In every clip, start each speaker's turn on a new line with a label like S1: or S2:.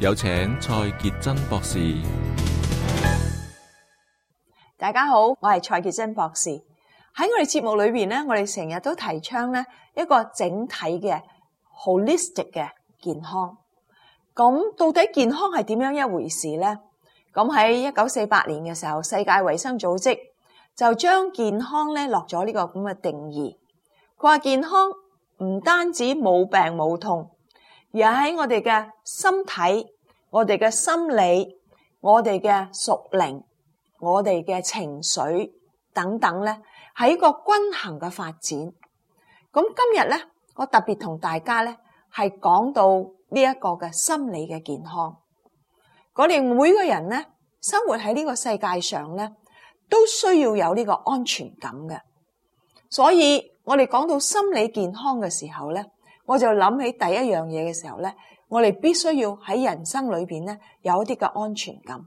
S1: 有請蔡潔貞博士。
S2: 大家好，我係蔡潔貞博士。喺我哋節目裏邊咧，我哋成日都提倡咧一個整體嘅 holistic 嘅健康。咁到底健康係點樣一回事咧？咁喺一九四八年嘅時候，世界衛生組織就將健康咧落咗呢個咁嘅定義。佢話健康唔單止冇病冇痛，而喺我哋嘅身體。我哋嘅心理、我哋嘅屬靈、我哋嘅情緒等等咧，係一個均衡嘅發展。咁今日咧，我特別同大家咧係講到呢一個嘅心理嘅健康。我哋每個人咧，生活喺呢個世界上咧，都需要有呢個安全感嘅。所以我哋講到心理健康嘅時候咧，我就諗起第一樣嘢嘅時候咧。我哋必須要喺人生裏邊咧有一啲嘅安全感。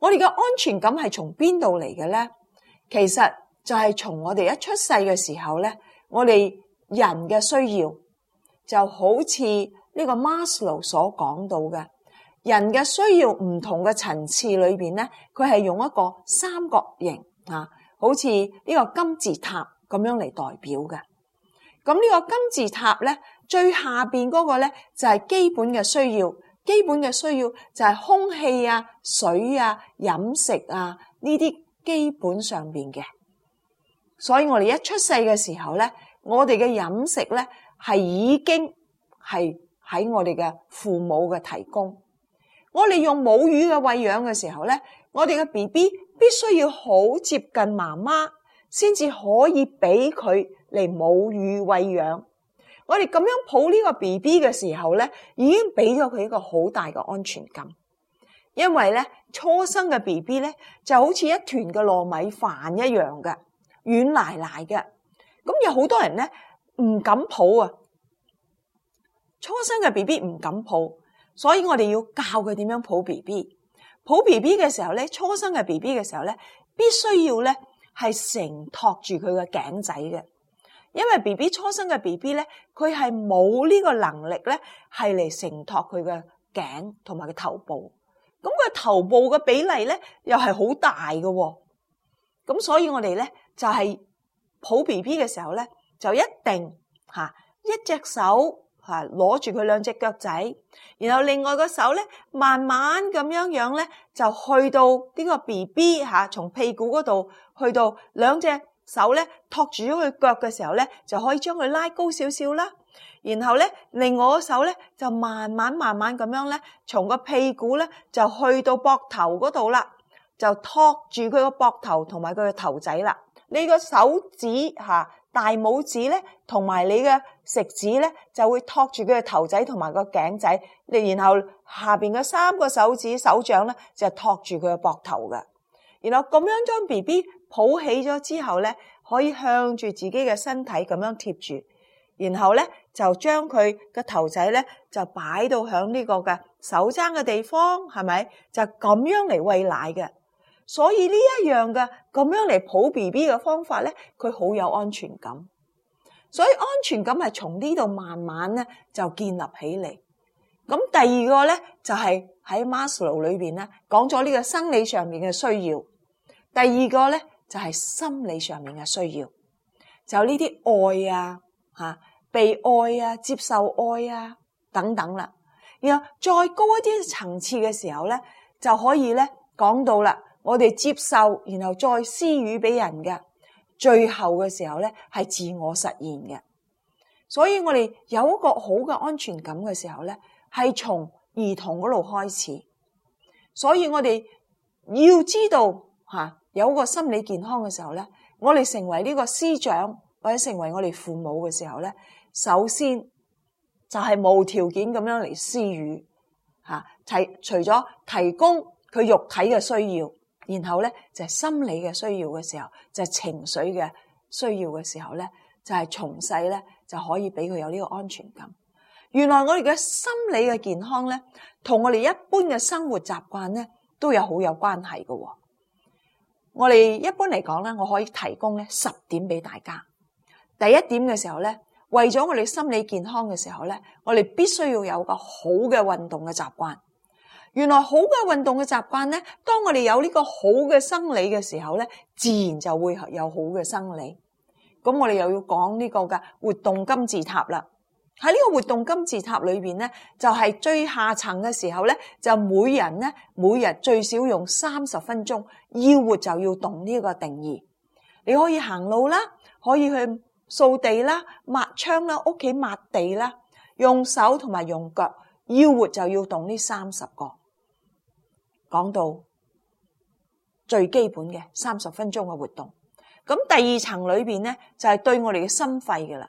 S2: 我哋嘅安全感係從邊度嚟嘅咧？其實就係從我哋一出世嘅時候咧，我哋人嘅需要就好似呢個 Maslow 所講到嘅，人嘅需要唔同嘅層次裏邊咧，佢係用一個三角形啊，好似呢個金字塔咁樣嚟代表嘅。咁呢個金字塔咧？最下邊嗰個咧就係基本嘅需要，基本嘅需要就係空氣啊、水啊、飲食啊呢啲基本上邊嘅。所以我哋一出世嘅時候咧，我哋嘅飲食咧係已經係喺我哋嘅父母嘅提供。我哋用母乳嘅餵養嘅時候咧，我哋嘅 BB 必須要好接近媽媽，先至可以俾佢嚟母乳餵養。我哋咁樣抱呢個 B B 嘅時候咧，已經俾咗佢一個好大嘅安全感，因為咧初生嘅 B B 咧就好似一團嘅糯米飯一樣嘅軟瀨瀨嘅，咁有好多人咧唔敢抱啊！初生嘅 B B 唔敢抱，所以我哋要教佢點樣抱 B B。抱 B B 嘅時候咧，初生嘅 B B 嘅時候咧，必須要咧係承托住佢嘅頸仔嘅。因為 B B 初生嘅 B B 咧，佢係冇呢個能力咧，係嚟承托佢嘅頸同埋佢頭部。咁佢頭部嘅比例咧，又係好大嘅。咁所以我哋咧就係抱 B B 嘅時候咧，就一定吓一隻手吓攞住佢兩隻腳仔，然後另外個手咧慢慢咁樣樣咧，就去到呢個 B B 吓，從屁股嗰度去到兩隻。手咧托住咗佢腳嘅時候咧，就可以將佢拉高少少啦。然後咧，另外個手咧就慢慢慢慢咁樣咧，從個屁股咧就去到膊頭嗰度啦,就托住佢個膊頭同埋佢嘅頭仔啦。你個手指吓大拇指咧，同埋你嘅食指咧，就會托住佢嘅頭仔同埋個頸仔。你然後下邊嘅三個手指手掌咧，就托住佢嘅膊頭嘅。然後咁樣將 BB。抱起咗之後咧，可以向住自己嘅身體咁樣貼住，然後咧就將佢嘅頭仔咧就擺到響呢個嘅手踭嘅地方，係咪就咁樣嚟餵奶嘅？所以呢一樣嘅咁樣嚟抱 BB 嘅方法咧，佢好有安全感。所以安全感係從呢度慢慢咧就建立起嚟。咁第二個咧就係、是、喺 Maslow 裏面咧講咗呢講個生理上面嘅需要。第二個咧。就係、是、心理上面嘅需要，就呢啲愛啊，吓、啊、被愛啊，接受愛啊，等等啦。然後再高一啲層次嘅時候咧，就可以咧講到啦。我哋接受，然後再施予俾人嘅，最後嘅時候咧係自我實現嘅。所以我哋有一個好嘅安全感嘅時候咧，係從兒童嗰度開始。所以我哋要知道吓。啊有個心理健康嘅時候咧，我哋成為呢個師長或者成為我哋父母嘅時候咧，首先就係無條件咁樣嚟施予吓，提除咗提供佢肉體嘅需要，然後咧就係心理嘅需要嘅時候，就係情緒嘅需要嘅時候咧，就係從細咧就可以俾佢有呢個安全感。原來我哋嘅心理嘅健康咧，同我哋一般嘅生活習慣咧，都有好有關係嘅。我哋一般嚟講咧，我可以提供咧十點俾大家。第一點嘅時候咧，為咗我哋心理健康嘅時候咧，我哋必須要有個好嘅運動嘅習慣。原來好嘅運動嘅習慣咧，當我哋有呢個好嘅生理嘅時候咧，自然就會有好嘅生理。咁我哋又要講呢個嘅活動金字塔啦。喺呢個活動金字塔裏邊咧，就係最下層嘅時候咧，就每人咧每日最少用三十分鐘，要活就要動呢個定義。你可以行路啦，可以去掃地啦、抹窗啦、屋企抹地啦，用手同埋用腳，要活就要動呢三十個。講到最基本嘅三十分鐘嘅活動，咁第二層裏邊咧就係對我哋嘅心肺嘅啦。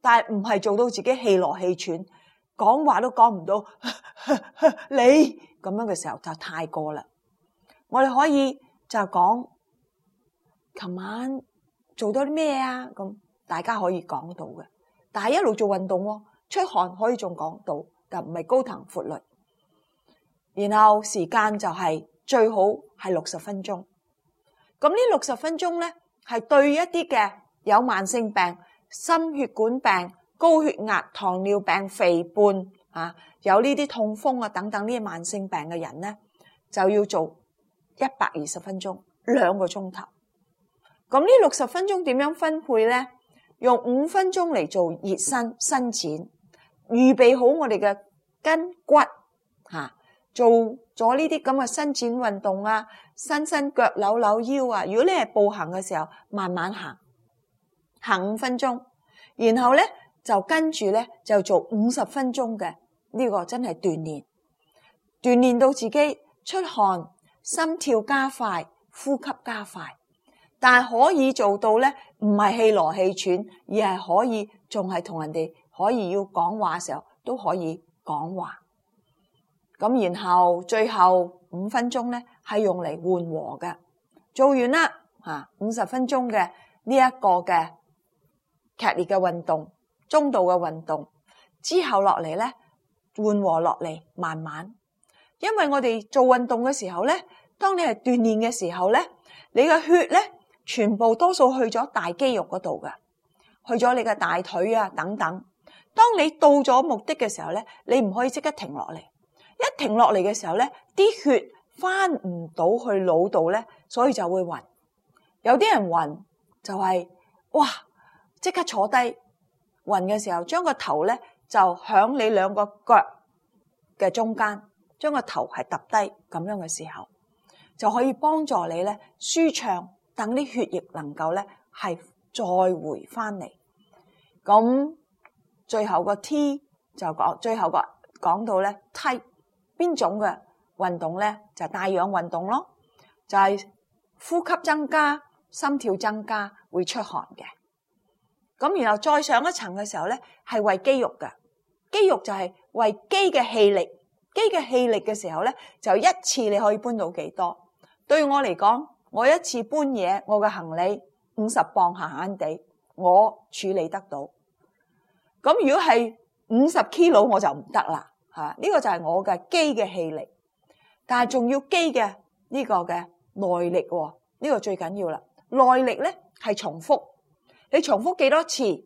S2: 但係唔係做到自己氣來氣喘，講話都講唔到，你咁樣嘅時候就太過啦。我哋可以就講，琴晚做到啲咩啊？咁大家可以講到嘅。但係一路做運動，出汗可以仲講到，但唔係高騰闊累。然後時間就係最好係六十分鐘。咁呢六十分鐘咧，係對一啲嘅有慢性病。心血管病、高血壓、糖尿病、肥胖啊，有呢啲痛風啊等等呢啲慢性病嘅人呢，就要做一百二十分鐘，兩個鐘頭。咁呢六十分鐘點樣分配呢？用五分鐘嚟做熱身伸展，預備好我哋嘅筋骨吓，做咗呢啲咁嘅伸展運動啊，伸伸腳扭扭腰啊。如果你係步行嘅時候，慢慢行。行五分鐘，然後咧就跟住咧就做五十分鐘嘅。呢個真係鍛煉，鍛煉到自己出汗、心跳加快、呼吸加快，但係可以做到咧，唔係氣羅氣喘，而係可以仲係同人哋可以要講話嘅時候都可以講話。咁然後最後五分鐘咧係用嚟緩和嘅，做完啦吓，五十分鐘嘅呢一個嘅。劇烈嘅運動、中度嘅運動之後落嚟咧，緩和落嚟，慢慢。因為我哋做運動嘅時候咧，當你係鍛煉嘅時候咧，你嘅血咧，全部多數去咗大肌肉嗰度㗎，去咗你嘅大腿啊等等。當你到咗目的嘅時候咧，你唔可以即刻停落嚟，一停落嚟嘅時候咧，啲血返唔到去腦度咧，所以就會暈。有啲人暈就係哇～即刻坐低，暈嘅時候，將個頭咧就響你兩個腳嘅中間，將個頭係揼低咁樣嘅時候，就可以幫助你咧舒暢，等啲血液能夠咧係再回翻嚟。咁最後個 T 就講最後個講到咧 T 邊種嘅運動咧就帶、是、氧運動咯，就係、是、呼吸增加、心跳增加、會出汗嘅。咁然後再上一層嘅時候咧，係為肌肉噶。肌肉就係為肌嘅氣力，肌嘅氣力嘅時候咧，就一次你可以搬到幾多？對我嚟講，我一次搬嘢，我嘅行李五十磅，閒閒哋，我處理得到。咁如果係五十 kilo，我就唔得啦吓。呢個就係我嘅肌嘅氣力，但係仲要肌嘅呢個嘅耐力喎。呢個最緊要啦，耐力咧係重複。你重複幾多次？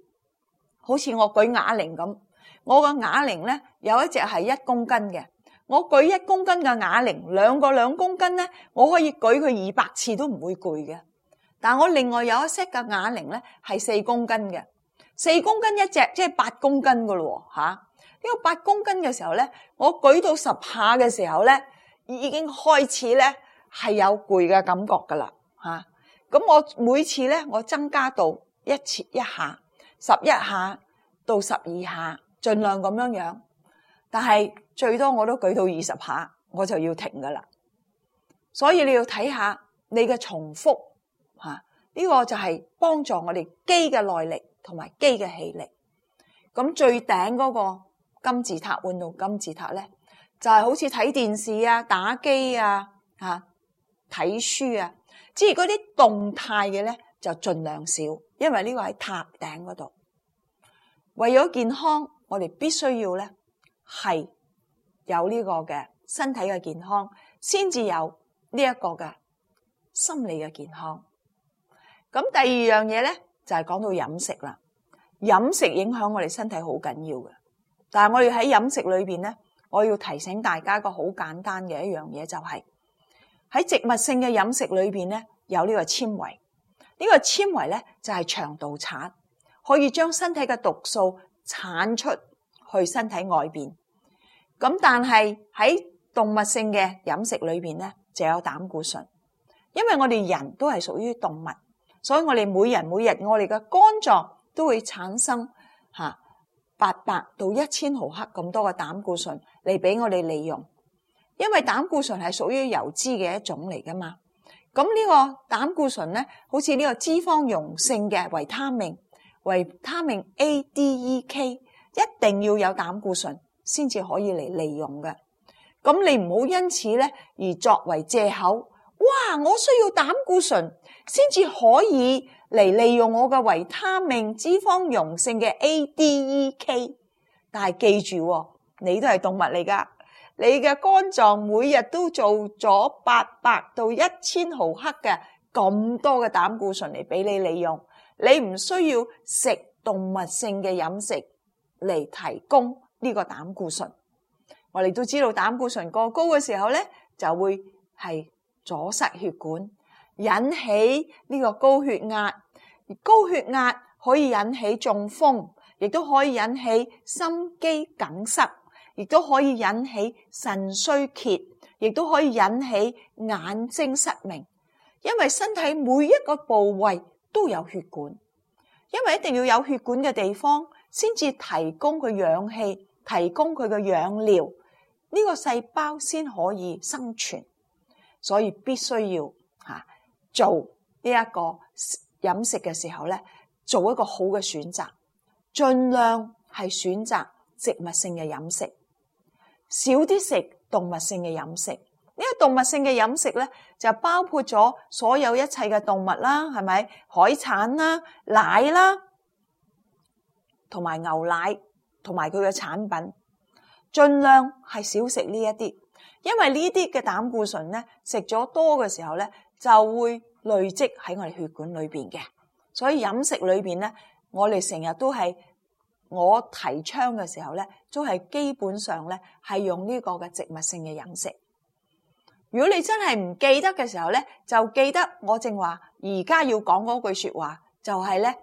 S2: 好似我舉啞鈴咁，我個啞鈴呢，有一隻係一公斤嘅，我舉一公斤嘅啞鈴，兩個兩公斤呢，我可以舉佢二百次都唔會攰嘅。但我另外有一些嘅啞鈴呢，係四公斤嘅，四公斤一隻即係八公斤㗎咯吓。呢個八公斤嘅時候呢，我舉到十下嘅時候呢，已經開始呢係有攰嘅感覺㗎喇吓。咁我每次呢，我增加到。一切一下，十一下到十二下，盡量咁樣樣。但係最多我都舉到二十下，我就要停噶啦。所以你要睇下你嘅重複吓，呢、啊呢個就係幫助我哋肌嘅耐力同埋肌嘅氣力。咁最頂嗰個金字塔換到金字塔咧，就係、係、好似睇電視啊、打機啊、吓、啊、睇書啊，即係嗰啲動態嘅咧，就盡量少。因為呢個喺塔頂嗰度，為咗健康，我哋必須要咧係有呢個嘅身體嘅健康，先至有呢一個嘅心理嘅健康。咁第二樣嘢咧就係講到飲食啦，飲食影響我哋身體好緊要嘅。但係我哋喺飲食裏邊咧，我要提醒大家一個好簡單嘅一樣嘢，就係喺植物性嘅飲食裏邊咧有呢個纖維。呢個纖維咧就係腸道鏟，可以將身體嘅毒素鏟出去身體外面。咁但係喺動物性嘅飲食裏面咧就有膽固醇，因為我哋人都係屬於動物，所以我哋每人每日我哋嘅肝臟都會產生嚇八百到一千毫克咁多嘅膽固醇嚟俾我哋利用，因為膽固醇係屬於油脂嘅一種嚟㗎嘛。咁呢個膽固醇呢，好似呢個脂肪溶性嘅維他命，維他命 A、D、E、K，一定要有膽固醇先至可以嚟利用嘅。咁你唔好因此呢而作為借口，哇！我需要膽固醇先至可以嚟利用我嘅維他命脂肪溶性嘅 A、D、E、K。但係記住喎，你都係動物嚟噶。你嘅肝臟每日都做咗八百到一千毫克嘅咁多嘅膽固醇嚟俾你利用，你唔需要食動物性嘅飲食嚟提供呢個膽固醇。我哋都知道膽固醇過高嘅時候呢，就會係阻塞血管，引起呢個高血壓，而高血壓可以引起中風，亦都可以引起心肌梗塞。亦都可以引起腎衰竭，亦都可以引起眼睛失明，因為身體每一個部位都有血管，因為一定要有血管嘅地方，先至提供佢氧氣，提供佢嘅養料，呢個細胞先可以生存，所以必須要吓做呢一個飲食嘅時候咧，做一個好嘅選擇，盡量係選擇植物性嘅飲食。少啲食動物性嘅飲食，呢個動物性嘅飲食咧就包括咗所有一切嘅動物啦，係咪？海產啦、奶啦，同埋牛奶同埋佢嘅產品，盡量係少食呢一啲，因為呢啲嘅膽固醇咧食咗多嘅時候咧就會累積喺我哋血管裏邊嘅，所以飲食裏邊咧我哋成日都係。我提倡嘅時候咧，都係基本上咧係用呢個嘅植物性嘅飲食。如果你真係唔記得嘅時候咧，就記得我正話而家要講嗰句說話，就係咧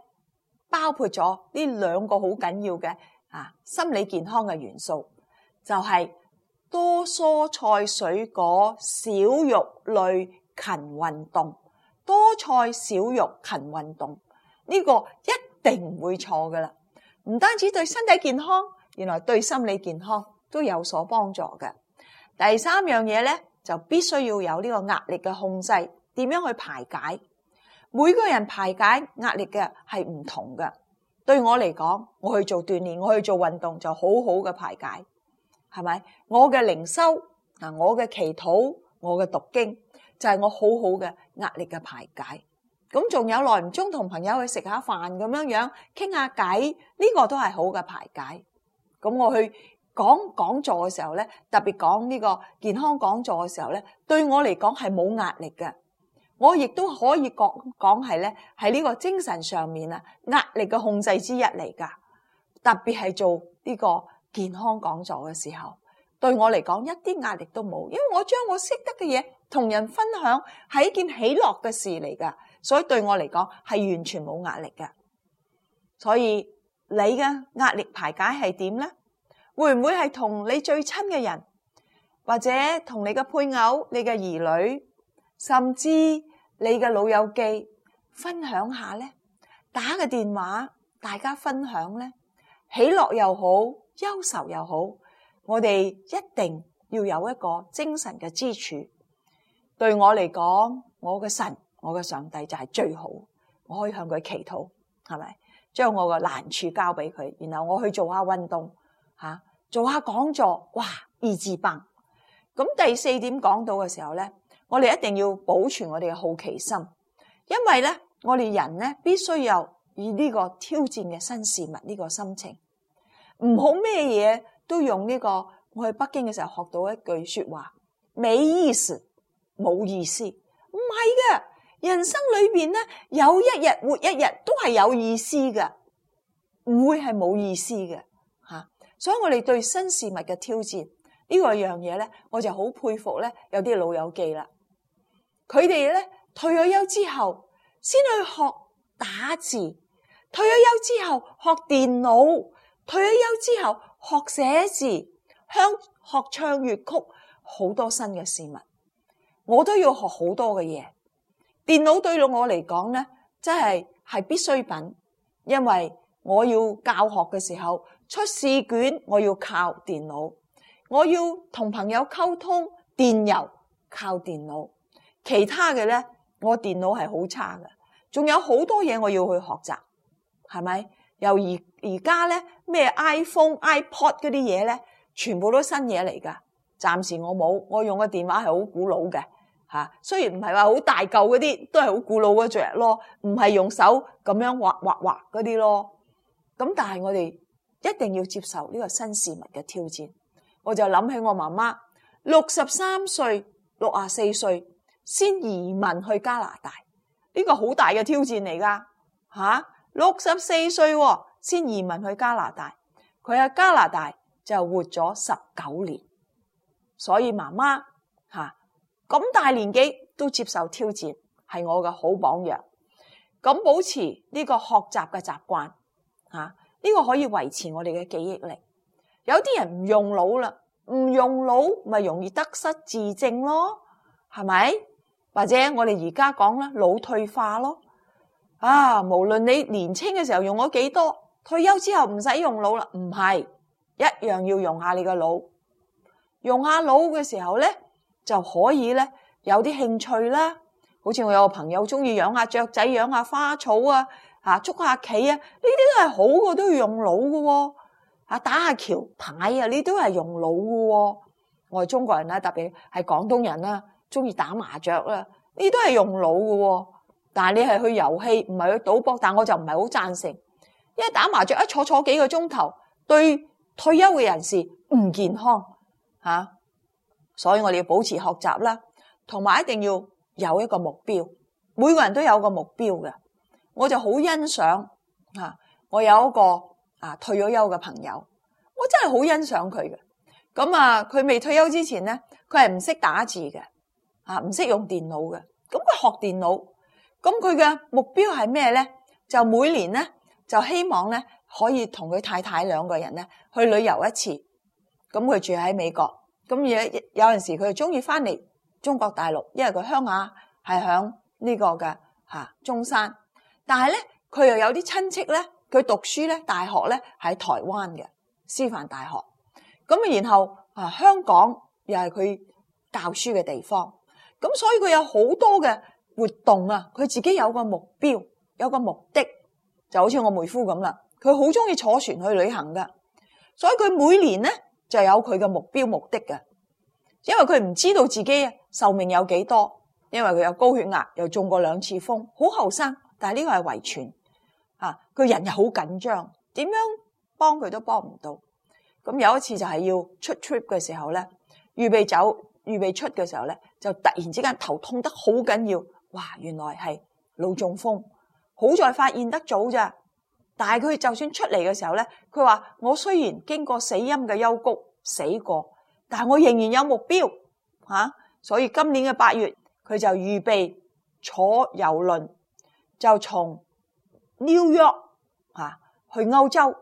S2: 包括咗呢兩個好緊要嘅啊心理健康嘅元素，就係多蔬菜水果，少肉類，勤運動，多菜少肉，勤運動呢個一定唔會錯噶啦。唔單止對身體健康，原來對心理健康都有所幫助嘅。第三樣嘢咧，就必須要有呢個壓力嘅控制，點樣去排解？每個人排解壓力嘅係唔同嘅。對我嚟講，我去做鍛煉，我去做運動就好好嘅排解，係咪？我嘅靈修，我嘅祈禱，我嘅讀經，就係我好好嘅壓力嘅排解。咁仲有，耐唔中同朋友去食下飯咁樣樣傾下偈，呢個都係好嘅排解。咁我去講講座嘅時候咧，特別講呢個健康講座嘅時候咧，對我嚟講係冇壓力嘅。我亦都可以講講係咧，係呢個精神上面啊壓力嘅控制之一嚟㗎。特別係做呢個健康講座嘅時候，對我嚟講一啲壓力都冇，因為我將我識得嘅嘢同人分享係一件喜樂嘅事嚟㗎。所以對我嚟講係完全冇壓力嘅，所以你嘅壓力排解係點呢？會唔會係同你最親嘅人，或者同你嘅配偶、你嘅兒女，甚至你嘅老友記分享下呢？打個電話，大家分享呢，喜樂又好，憂愁又好，我哋一定要有一個精神嘅支柱。對我嚟講，我嘅神。我嘅上帝就係最好，我可以向佢祈禱，係咪？將我嘅難處交俾佢，然後我去做下運動，吓、啊、做下講座，哇，意志棒。咁第四點講到嘅時候咧，我哋一定要保存我哋嘅好奇心，因為咧，我哋人咧必須有以呢個挑戰嘅新事物呢個心情，唔好咩嘢都用呢、這個我去北京嘅時候學到一句說話，沒意思，冇意思，唔係嘅。人生裏邊咧，有一日活一日都係有意思嘅，唔會係冇意思嘅吓、啊。所以我哋對新事物嘅挑戰呢、呢個樣嘢咧，我就好佩服咧。有啲老友記啦，佢哋咧退咗休之後先去學打字，退咗休之後學電腦，退咗休之後學寫字，向學唱粵曲，好多新嘅事物，我都要學好多嘅嘢。電腦對到我嚟講咧，即係係必需品，因為我要教學嘅時候出試卷，我要靠電腦，我要同朋友溝通電郵靠電腦。其他嘅咧我電腦係好差噶，仲有好多嘢我要去學習，係咪？由而而家咧咩 iPhone、iPod 嗰啲嘢咧，全部都新嘢嚟噶，暫時我冇，我用個電話係好古老嘅。嚇，雖然唔係話好大嚿嗰啲，都係好古老嗰隻咯，唔係用手咁樣畫畫畫嗰啲咯。咁但係我哋一定要接受呢個新市民嘅挑戰。我就諗起我媽媽六十三歲、六十四歲先移民去加拿大，呢、呢個好大嘅挑戰嚟噶嚇。六十四歲、啊、先移民去加拿大，佢喺加拿大就活咗十九年，所以媽媽嚇。啊咁大年紀都接受挑戰，係我嘅好榜樣。咁保持呢個學習嘅習慣，吓呢個可以維持我哋嘅記憶力。有啲人唔用腦啦，唔用腦咪容易得失智症咯，係咪？或者我哋而家講啦，腦退化咯。啊，無論你年輕嘅時候用咗幾多，退休之後唔使用腦啦，唔係，一樣要用下你嘅腦，用下腦嘅時候咧。就可以咧，有啲興趣啦，好似我有個朋友中意養下雀仔、養下花草啊，啊捉下棋啊，呢啲都係好嘅，都要用腦嘅喎。啊，打下橋牌啊，呢都係用腦嘅喎。我哋中國人咧，特別係廣東人啦，中意打麻雀啦，呢都係用腦嘅喎。但係你係去遊戲，唔係去賭博，但我就唔係好贊成，因為打麻雀一坐坐幾個鐘頭，對退休嘅人士唔健康吓。所以我哋要保持學習啦，同埋一定要有一個目標。每個人都有個目標嘅，我就好欣賞。我有一個啊退咗休嘅朋友，我真係好欣賞佢嘅。咁啊，佢未退休之前咧，佢係唔識打字嘅，啊唔識用電腦嘅。咁佢學電腦，咁佢嘅目標係咩咧？就每年咧，就希望咧可以同佢太太兩個人咧去旅遊一次。咁佢住喺美國。咁有陣時佢就中意翻嚟中國大陸，因為佢鄉下係響呢個嘅中山。但係咧，佢又有啲親戚咧，佢讀書咧，大學咧喺台灣嘅師範大學。咁然後啊，香港又係佢教書嘅地方。咁所以佢有好多嘅活動啊，佢自己有個目標，有個目的，就好似我妹夫咁啦。佢好中意坐船去旅行噶，所以佢每年咧，就有佢嘅目標目的嘅，因為佢唔知道自己啊壽命有幾多，因為佢有高血壓，又中過兩次風，好後生，但係呢個係遺傳啊，佢人又好緊張，點樣幫佢都幫唔到。咁有一次就係要出 trip 嘅時候咧，預備走預備出嘅時候咧，就突然之間頭痛得好緊要，哇！原來係腦中風，好在發現得早咋。但係佢就算出嚟嘅時候咧，佢話：我雖然經過死蔭嘅幽谷死過，但係我仍然有目標、吓、所以今年嘅八月，佢就預備坐遊輪，就從 New York 吓去歐洲。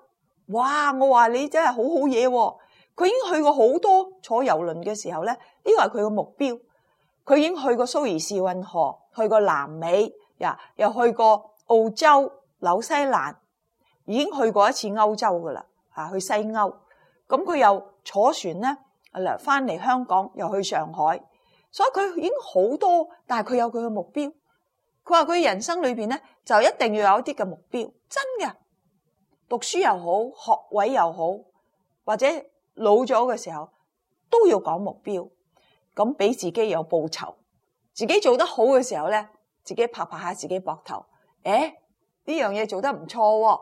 S2: 哇！我話你真係好好嘢喎。佢已經去過好多坐遊輪嘅時候咧，呢、呢個係佢嘅目標。佢已經去過蘇伊士運河，去過南美又去過澳洲、紐西蘭。已經去過一次歐洲噶啦，吓，去西歐，咁佢又坐船咧，返翻嚟香港又去上海，所以佢已經好多，但係佢有佢嘅目標。佢話佢人生裏邊咧就一定要有一啲嘅目標，真嘅讀書又好，學位又好，或者老咗嘅時候都要講目標，咁俾自己有報酬，自己做得好嘅時候咧，自己拍拍下自己膊頭，誒呢樣嘢做得唔錯喎、哦。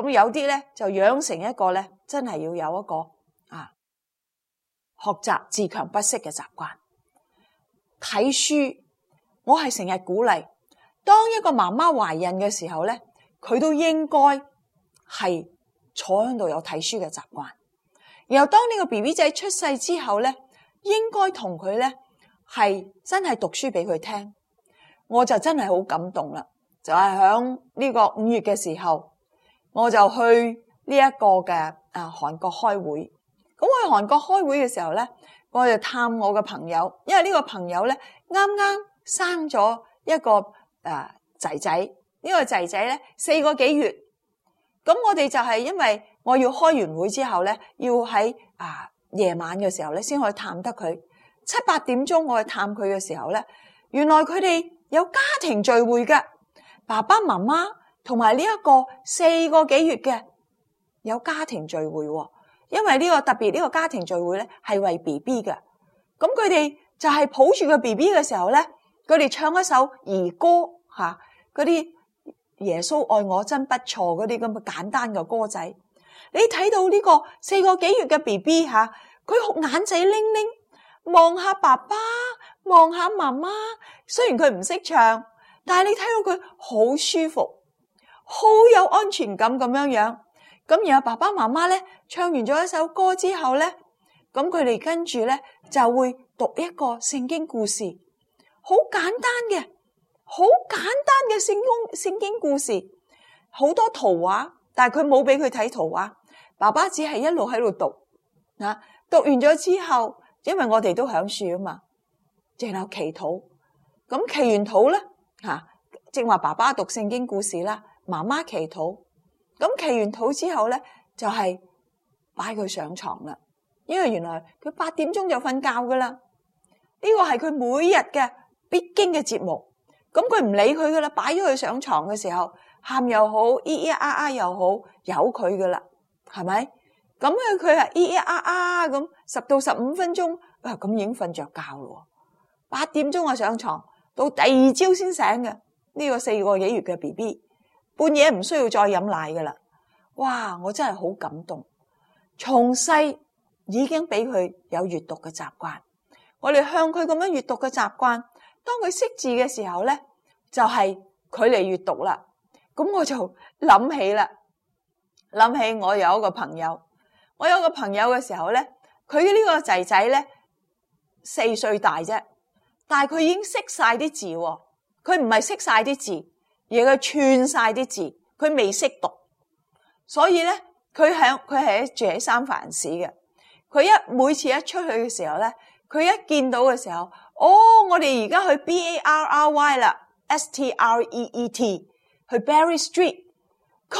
S2: 咁有啲咧就養成一個咧，真係要有一個啊學習自強不息嘅習慣。睇書，我係成日鼓勵。當一個媽媽懷孕嘅時候咧，佢都應該係坐響度有睇書嘅習慣。然後當呢個 BB 仔出世之後咧，應該同佢咧係真係讀書俾佢聽。我就真係好感動啦，就係響呢個五月嘅時候。我就去呢一個嘅，啊韓國開會，咁我去韓國開會嘅時候咧，我就探我嘅朋友，因為呢個朋友咧啱啱生咗一個誒仔仔，呢個仔仔咧四個幾月，咁我哋就係，因為我要開完會之後咧，要喺啊夜晚嘅時候咧先可以探得佢，七八點鐘我去探佢嘅時候咧，原來佢哋有家庭聚會㗎，爸爸媽媽。同埋呢一個四個幾月嘅有家庭聚會，因為呢個特別呢個家庭聚會咧係為 B B 嘅，咁佢哋就係抱住個 B B 嘅時候咧，佢哋唱一首兒歌嗰啲耶穌愛我真不錯，嗰啲咁嘅簡單嘅歌仔。你睇到呢個四個幾月嘅 B B，佢哭眼仔拎拎，望下爸爸望下媽媽，雖然佢唔識唱，但係你睇到佢好舒服。好有安全感咁樣樣，咁然後爸爸媽媽咧唱完咗一首歌之後咧，咁佢哋跟住咧就會讀一個聖經故事，好簡單嘅，好簡單嘅聖經聖經故事，好多圖畫，但係佢冇俾佢睇圖畫，爸爸只係一路喺度讀，嗱讀完咗之後，因為我哋都響樹啊嘛，淨係有祈禱，咁祈完禱咧吓，正話爸爸讀聖經故事啦。媽媽祈禱，咁祈完禱之後咧，就係擺佢上床啦。因為原來佢八點鐘就瞓覺噶啦，呢個係佢每日嘅必經嘅節目。咁佢唔理佢噶啦，擺咗佢上床嘅時候喊又好，咿咿啊啊又好，有佢噶啦，係咪咁樣？佢係咿咿啊啊咁十到十五分鐘咁已經瞓着覺咯。八點鐘啊，上床到第二朝先醒嘅，呢個四個幾月嘅 B B。半夜唔需要再飲奶㗎啦，哇！我真係好感動。從細已經俾佢有閱讀嘅習慣，我哋向佢咁樣閱讀嘅習慣。當佢識字嘅時候咧，就係佢嚟閱讀啦。咁我就諗起啦，諗起我有一個朋友，我有一個朋友嘅時候咧，佢呢個仔仔咧四歲大啫，但係佢已經識晒啲字喎，佢唔係識晒啲字。嘢佢串晒啲字，佢未識讀，所以咧佢響佢係住喺三藩市嘅。佢一每次一出去嘅時候咧，佢一見到嘅時候，哦，我哋而家去 Barry -E -E、啦，Street 去 Barry Street，咁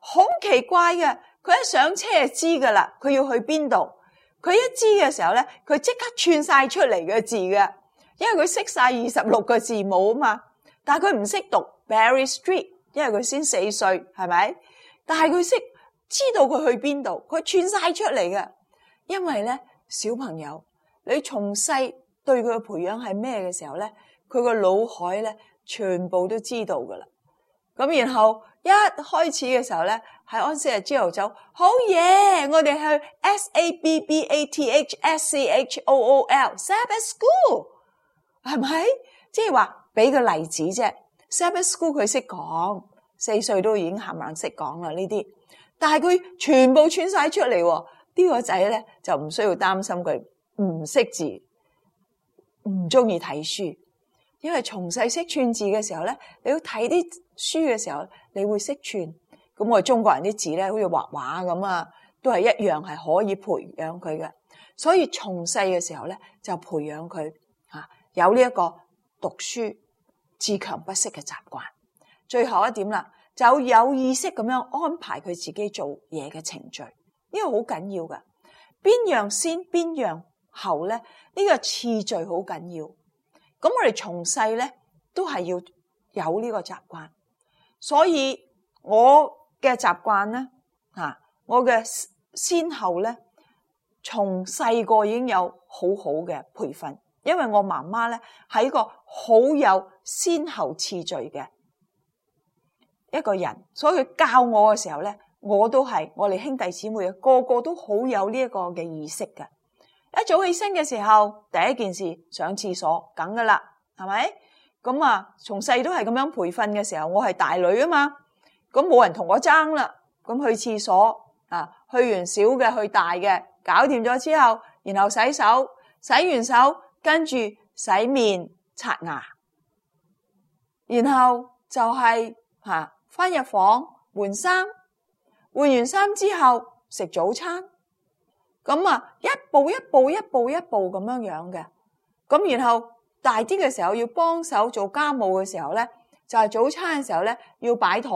S2: 好奇怪嘅。佢一上車就知噶啦，佢要去邊度？佢一知嘅時候咧，佢即刻串晒出嚟嘅字嘅，因為佢識晒二十六個字母啊嘛。但佢唔識讀 Berry Street，因為佢先四歲，係咪？但係佢識知道佢去邊度，佢串晒出嚟嘅。因為咧，小朋友你從細對佢嘅培養係咩嘅時候咧，佢個腦海咧全部都知道噶啦。咁然後一開始嘅時候咧，喺安息日之後就好嘢，oh、yeah，我哋去 S A B B A T H S C H O O L Sabbath School 係咪？即係話。俾個例子啫 Sabbath school 佢識講，四歲都已經冚唪唥識講啦呢啲，但係佢全部串晒出嚟，呢、這個仔咧就唔需要擔心佢唔識字，唔中意睇書，因為從細識串字嘅時候咧，你要睇啲書嘅時候，你會識串，咁我哋中國人啲字咧，好似畫畫咁啊，都係一樣係可以培養佢嘅，所以從細嘅時候咧就培養佢，有呢一個讀書。自強不息嘅習慣，最後一點啦，就有意識咁樣安排佢自己做嘢嘅程序，呢個好緊要嘅，邊樣先，邊樣後咧？呢個次序好緊要。咁我哋從細咧都係要有呢個習慣。所以我嘅習慣咧，啊，我嘅先後咧，從細個已經有好好嘅培訓。因為我媽媽咧係一個好有先後次序嘅一個人，所以佢教我嘅時候咧，我都係我哋兄弟姊妹個個都好有呢一個嘅意識嘅。一早起身嘅時候，第一件事上廁所梗㗎喇，係咪？咁啊，從細都係咁樣培訓嘅時候，我係大女啊嘛，咁冇人同我爭啦。咁去廁所啊，去完小嘅去大嘅，搞掂咗之後，然後洗手，洗完手。跟住洗面、刷牙，然後就係吓翻入房換衫，換完衫之後食早餐，咁啊一步一步一步一步咁樣樣嘅，咁然後大啲嘅時候要幫手做家務嘅時候咧，就係早餐嘅時候咧要擺台，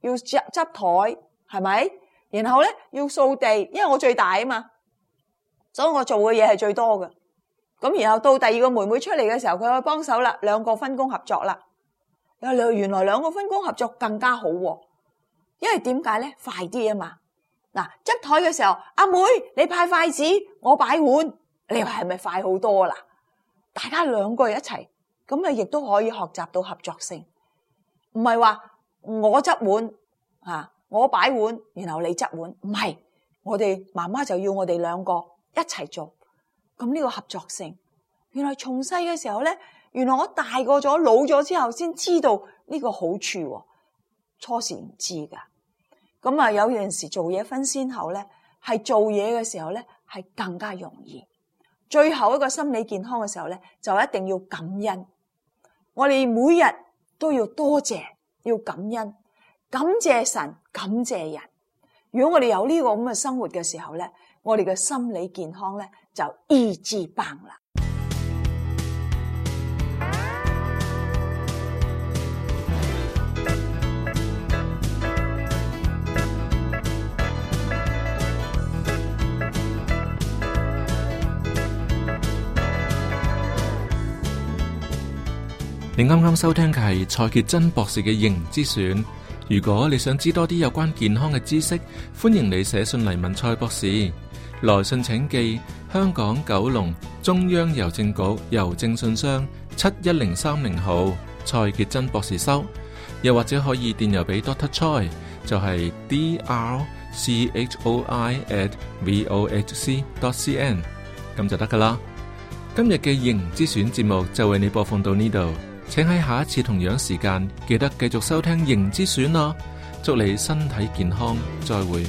S2: 要執執台，係咪？然後咧要掃地，因為我最大啊嘛，所以我做嘅嘢係最多嘅。咁然後到第二個妹妹出嚟嘅時候，佢去幫手啦，兩個分工合作啦。啊，兩原來兩個分工合作更加好，因為點解咧？快啲啊嘛！嗱，執台嘅時候，阿妹你派筷子，我擺碗。你話係咪快好多啦？大家兩個人一齊，咁啊亦都可以學習到合作性。唔係話我執碗啊，我擺碗，然後你執碗，唔係，我哋媽媽就要我哋兩個一齊做。咁、這、呢個合作性，原來從細嘅時候咧，原來我大個咗、老咗之後先知道呢個好處，初時唔知噶。咁啊，有陣時做嘢分先後咧，係做嘢嘅時候咧係更加容易。最後一個心理健康嘅時候咧，就一定要感恩。我哋每日都要多謝，謝，要感恩，感謝神，感謝人。如果我哋有呢個咁嘅生活嘅時候咧，我哋嘅心理健康咧。就
S1: 意志棒啦！你啱啱收聽嘅係蔡潔真博士嘅《形之選》。如果你想知多啲有關健康嘅知識，歡迎你寫信嚟問蔡博士。來信請寄香港九龍中央郵政局郵政信箱七一零三零號蔡傑真博士收，又或者可以電郵俾 Dr Choi，就係 D R C H O I at v o h c dot c n，咁就得噶啦。今日嘅盈之選節目就為你播放到呢度，請喺下一次同樣時間記得繼續收聽盈之選啦。祝你身體健康，再會。